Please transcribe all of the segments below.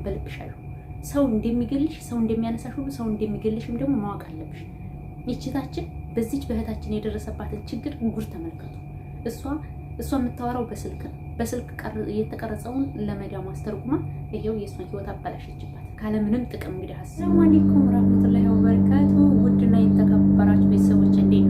ሁሉም በልብሽ አሉ። ሰው እንደሚገልሽ ሰው እንደሚያነሳሽ ሁሉ ሰው እንደሚገልሽም ደግሞ ማወቅ አለብሽ። ይችታችን በዚች በእህታችን የደረሰባትን ችግር ጉር ተመልከቱ። እሷ እሷ የምታወራው በስልክ በስልክ የተቀረጸውን ለመዳ ማስተርጉማ ይሄው የእሷን ህይወት አበላሸችባት ካለምንም ጥቅም። እንግዲህ አሰላሙ አለይኩም ረመቱላ ወበረካቱ። ውድና የተከበራችሁ ቤተሰቦች እንዴት ነው?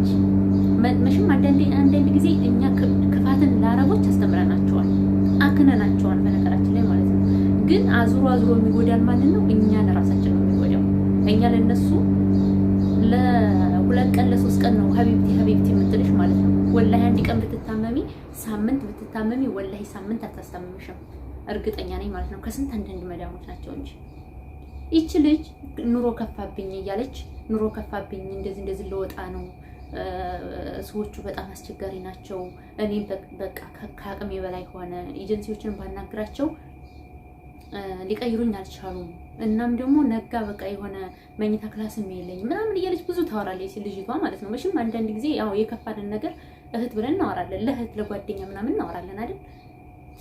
ክፋት መሽም አንዳንድ ጊዜ እኛ ክፋትን ለአረቦች አስተምረናቸዋል፣ አክነናቸዋል፣ በነገራችን ላይ ማለት ነው። ግን አዙሮ አዙሮ የሚጎዳን ማንን ነው? እኛን ራሳችን ነው የሚጎዳው። እኛ ለነሱ ለሁለት ቀን ለሶስት ቀን ነው ሀቢብቲ ሀቢብቲ የምትልሽ ማለት ነው። ወላሂ አንድ ቀን ብትታመሚ፣ ሳምንት ብትታመሚ፣ ወላሂ ሳምንት አታስታምምሽም። እርግጠኛ ነኝ ማለት ነው። ከስንት አንዳንድ መዳሞች ናቸው እንጂ ይቺ ልጅ ኑሮ ከፋብኝ እያለች ኑሮ ከፋብኝ እንደዚህ እንደዚህ ለወጣ ነው ሰዎቹ በጣም አስቸጋሪ ናቸው። እኔ በቃ ከአቅሜ በላይ ሆነ። ኤጀንሲዎችን ባናግራቸው ሊቀይሩኝ አልቻሉም። እናም ደግሞ ነጋ በቃ የሆነ መኝታ ክላስም የለኝ ምናምን እያለች ብዙ ታወራለች ልጅቷ ማለት ነው። መቼም አንዳንድ ጊዜ ያው የከፋንን ነገር እህት ብለን እናወራለን፣ ለእህት ለጓደኛ ምናምን እናወራለን አይደል?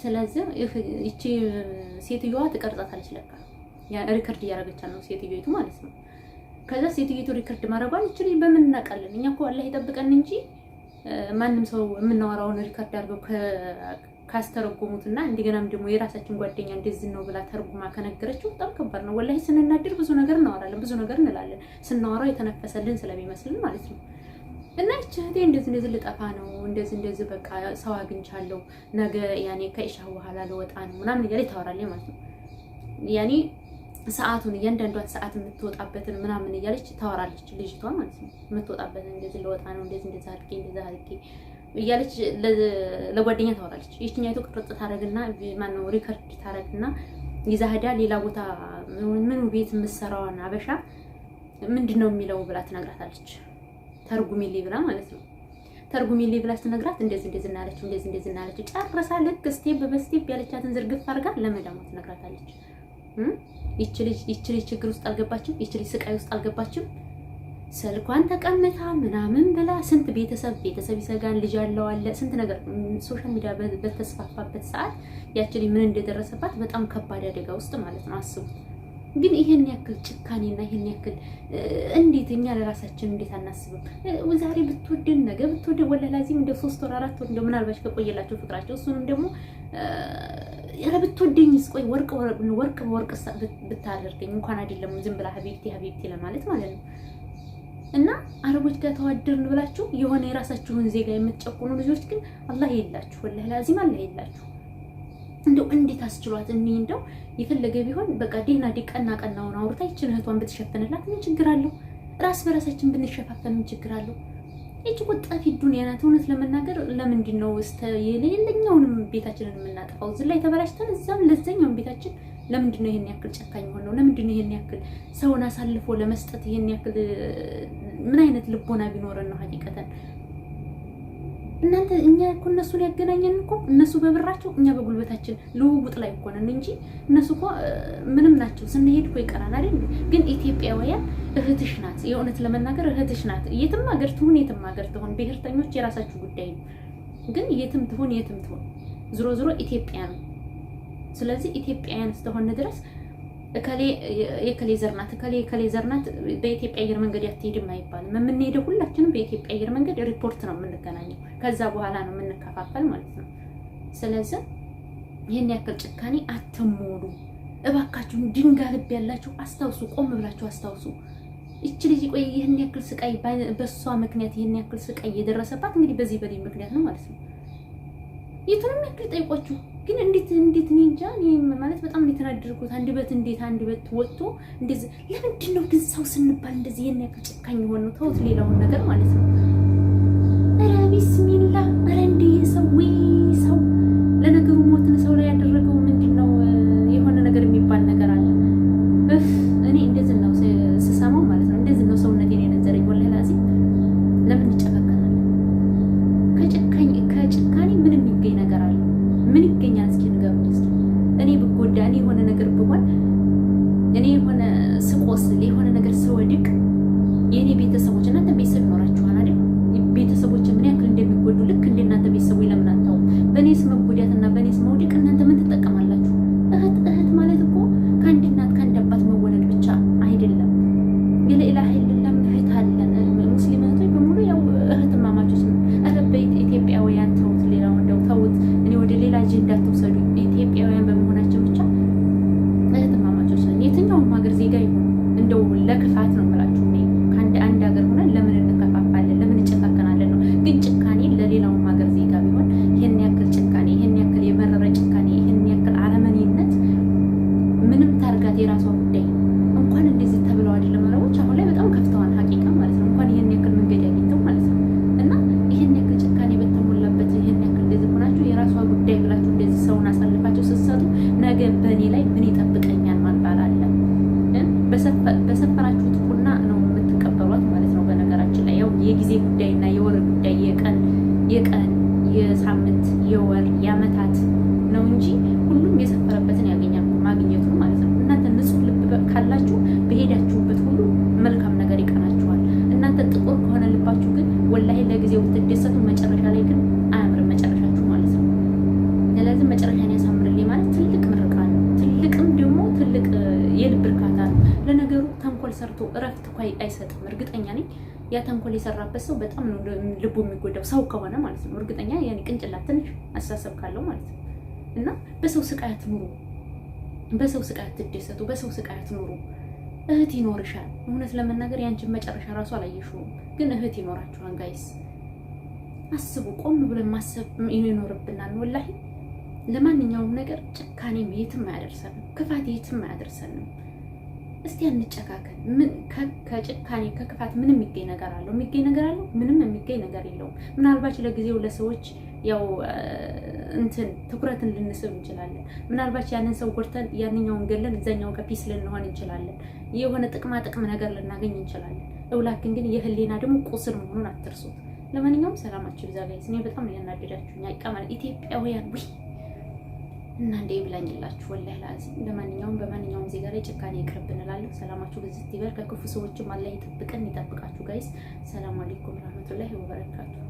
ስለዚህ ይቺ ሴትዮዋ ትቀርጻታለች። ለካ ሪከርድ እያደረገቻት ነው ሴትዮቱ ማለት ነው። ከዛ ሴትዮቱ ሪከርድ ማድረጓን እችል በምን እናውቃለን? እኛ እኮ አላህ ይጠብቀን እንጂ ማንም ሰው የምናወራውን ሪከርድ አድርገው ካስተረጎሙትና እንደገናም ደግሞ የራሳችን ጓደኛ እንደዚህ ነው ብላ ተርጉማ ከነገረችው በጣም ከባድ ነው። ወላሂ ስንናደር ብዙ ነገር እናወራለን፣ ብዙ ነገር እንላለን። ስናወራው የተነፈሰልን ስለሚመስልን ማለት ነው። እና ይህች እህቴ እንደዚህ እንደዚህ ልጠፋ ነው እንደዚህ እንደዚህ በቃ ሰው አግኝቻለሁ ነገ ያኔ ከኢሻ በኋላ ልወጣ ነው ምናምን እያለች ታወራለች ማለት ነው ያኔ ሰዓቱን እያንዳንዷን ሰዓት የምትወጣበትን ምናምን እያለች ታወራለች ልጅቷ ማለት ነው። የምትወጣበትን እንደዚህ ለወጣ ነው እንደዚህ እንደዚህ አድርጌ እንደዚህ አድርጌ እያለች ለጓደኛ ታወራለች። ይችኛይቱ ቅርጽ ታደረግና ማነው ሪከርድ ታደረግና ይዛህዳ ሌላ ቦታ ምን ቤት የምትሰራዋን አበሻ ምንድን ነው የሚለው ብላ ትነግራታለች። ተርጉሚልኝ ብላ ማለት ነው። ተርጉሚልኝ ብላ ትነግራት እንደዚህ እንደዚህ እናለች እንደዚህ እንደዚህ እናለች ጨርሳ ልክ ስቴፕ በስቴፕ ያለቻትን ዝርግፍ አድርጋ ለመዳሟ ትነግራታለች። ይቺ ልጅ ችግር ውስጥ አልገባችም። ይቺ ልጅ ስቃይ ውስጥ አልገባችም። ስልኳን ተቀምታ ምናምን ብላ ስንት ቤተሰብ ቤተሰብ ይሰጋን ልጅ አለው አለ ስንት ነገር ሶሻል ሚዲያ በተስፋፋበት ሰዓት ያችል ልጅ ምን እንደደረሰባት በጣም ከባድ አደጋ ውስጥ ማለት ነው። አስቡ ግን ይሄን ያክል ጭካኔና ይሄን ያክል እንዴት እኛ ለራሳችን እንዴት አናስብም? ዛሬ ብትወድን ነገ ብትወድን ወላሂ እንደ ሶስት ወር አራት ወር እንደ ምናልባች ከቆየላቸው ፍቅራቸው እሱንም ደግሞ ኧረ ብትወደኝ ስቆይ ወርቅ ወርቅ ወርቅ ብታደርገኝ እንኳን አይደለም ዝም ብላ ሀቢብቲ ሀቢብቲ ለማለት ማለት ነው። እና አረቦች ጋር ተዋደርን ብላችሁ የሆነ የራሳችሁን ዜጋ የምትጨቁኑ ልጆች ግን አላህ የላችሁ፣ ወላሂ ላዚም አላህ የላችሁ። እንደው እንዴት አስችሏት እኔ እንደው የፈለገ ቢሆን በቃ ዴና ዴ ቀና ቀናውን አውርታ ይችን እህቷን ብትሸፍንላት ምን ችግር አለው? ራስ በራሳችን ብንሸፋፈን ምን ችግር አለው? እጅ ቆጣፊ ዱንያ ናት። እውነት ለመናገር ለምንድን ነው እስተ የሌለኛውንም ቤታችንን የምናጠፋው? እዚህ ላይ ተበላሽተን እዛም ለዛኛውን ቤታችን ለምንድን ነው ይሄን ያክል ጨካኝ ሆነው? ለምንድን ነው ይሄን ያክል ሰውን አሳልፎ ለመስጠት? ይሄን ያክል ምን አይነት ልቦና ቢኖረን ነው ሀቂቀተን እናንተ እኛ እኮ እነሱን ያገናኘን እኮ እነሱ በብራቸው እኛ በጉልበታችን ልውውጥ ላይ እኮ ነን እንጂ እነሱ እኮ ምንም ናቸው። ስንሄድ እኮ ይቀራን አይደል? ግን ኢትዮጵያውያን እህትሽ ናት። የእውነት ለመናገር እህትሽ ናት። የትም ሀገር ትሁን፣ የትም ሀገር ትሁን፣ ብሔርተኞች የራሳችሁ ጉዳይ ነው። ግን የትም ትሁን፣ የትም ትሁን፣ ዝሮ ዝሮ ኢትዮጵያ ነው። ስለዚህ ኢትዮጵያውያን ስተሆነ ድረስ እከሌ የከሌ ዘር ናት፣ እከሌ የከሌ ዘር ናት። በኢትዮጵያ አየር መንገድ አትሄድም አይባልም። የምንሄደው ሁላችንም በኢትዮጵያ አየር መንገድ ሪፖርት ነው የምንገናኘው። ከዛ በኋላ ነው የምንከፋፈል ማለት ነው። ስለዚህ ይህን ያክል ጭካኔ አትሞሉ እባካችሁን። ድንጋ ልብ ያላችሁ አስታውሱ፣ ቆም ብላችሁ አስታውሱ። እች ልጅ ቆይ ይህን ያክል ስቃይ በሷ ምክንያት ይህን ያክል ስቃይ የደረሰባት እንግዲህ በዚህ በላይ ምክንያት ነው ማለት ነው። የቱንም ያክል ጠይቋችሁ ግን እንዴት እንዴት እኔ እንጃ ማለት በጣም ነው የተናደድኩት። አንድ በት እንዴት አንድ በት ወጥቶ እንደዚህ ለምንድን ነው ግን ሰው ስንባል እንደዚህ የኔ ያክል ጨካኝ የሆነ ነው? ተውት ሌላውን ነገር ማለት ነው። ኧረ ቢስሚላህ ኧረ እንዴ ሰው ምን ይገኛል? እስኪ ንገሩኝ። እስኪ እኔ ብጎዳ፣ እኔ የሆነ ነገር ብሆን፣ እኔ የሆነ ስቆስል፣ የሆነ መረዳት የራሷ ጉዳይ እንኳን እንደዚህ ተብለው አይደለም አረቦች አሁን ላይ በጣም ከፍተዋል። ሀቂቃ ማለት ነው እንኳን ይህን ያክል መንገድ ያገኝተው ማለት ነው እና ይህን ያክል ጭካኔ በተሞላበት ይህን ያክል እንደዚህ ሆናችሁ የራሷ ጉዳይ ብላችሁ እንደዚህ ሰውን አሳልፋችሁ ስትሰጡ ነገ በእኔ ላይ ምን ይጠብቀኛል ማባል አለ። በሰፈራችሁት ቁና ነው የምትቀበሏት ማለት ነው። በነገራችን ላይ ያው የጊዜ ጉዳይና የወር ጉዳይ የቀን የቀን የሳምንት የወር የአመታት ነው እንጂ ሁሉም የሰፈረበትን ያገኛል። ማግኘቱ ማለት ነው። እናንተ ንጹህ ልብ ካላችሁ በሄዳችሁበት ሁሉ መልካም ነገር ይቀናችኋል። እናንተ ጥቁር ከሆነ ልባችሁ ግን ወላሂ ለጊዜው ብትደሰቱ፣ መጨረሻ ላይ ግን አያምርም መጨረሻችሁ ማለት ነው። ስለዚህ መጨረሻን ያሳምርልኝ ማለት ትልቅ ምርቃ ነው። ትልቅም ደግሞ ትልቅ የልብ እርካታ ነው። ለነገሩ ተንኮል ሰርቶ እረፍት እኮ አይሰጥም። እርግጠኛ ነኝ ያ ተንኮል የሰራበት ሰው በጣም ነው ልቡ የሚጎዳው፣ ሰው ከሆነ ማለት ነው። እርግጠኛ ቅንጭላት ትንሽ አስተሳሰብ ካለው ማለት ነው። እና በሰው ስቃይ አትኑሩ። በሰው ስቃይ አትደሰቱ፣ በሰው ስቃይ አትኖሩ። እህት ይኖርሻል። እውነት ለመናገር ያንቺን መጨረሻ ራሱ አላየሽውም፣ ግን እህት ይኖራችኋል። ጋይስ አስቡ፣ ቆም ብለን ማሰብ ይኖርብናል። ወላሂ ለማንኛውም ነገር ጭካኔም የትም አያደርሰንም፣ ክፋት የትም አያደርሰንም። እስቲ አንጨካከን። ምን ከጭካኔ ከክፋት ምን የሚገኝ ነገር አለው? የሚገኝ ነገር አለው? ምንም የሚገኝ ነገር የለውም። ምናልባች ለጊዜው ለሰዎች ያው እንትን ትኩረትን ልንስብ እንችላለን። ምናልባች ያንን ሰው ጎድተን ያንኛውን ገለን እዛኛው ጋር ፒስ ልንሆን እንችላለን። የሆነ ጥቅማ ጥቅም ነገር ልናገኝ እንችላለን። እውላክን ግን የህሊና ደግሞ ቁስል መሆኑን አትርሱት። ለማንኛውም ሰላማችሁ ይብዛ። እኔ በጣም ያናደዳችሁኝ ኢትዮጵያውያን እና እንደ ይብላኝላችሁ ወላሂ ላዚም። ለማንኛውም በማንኛውም ዜጋ ላይ ጭካኔ ይቅርብ እንላለን። ሰላማችሁ ግዝት ይበል። ከክፉ ሰዎችም አላህ ይጠብቀን ይጠብቃችሁ። ጋይስ ሰላም አለይኩም ረህመቱላሂ ወበረካቱ።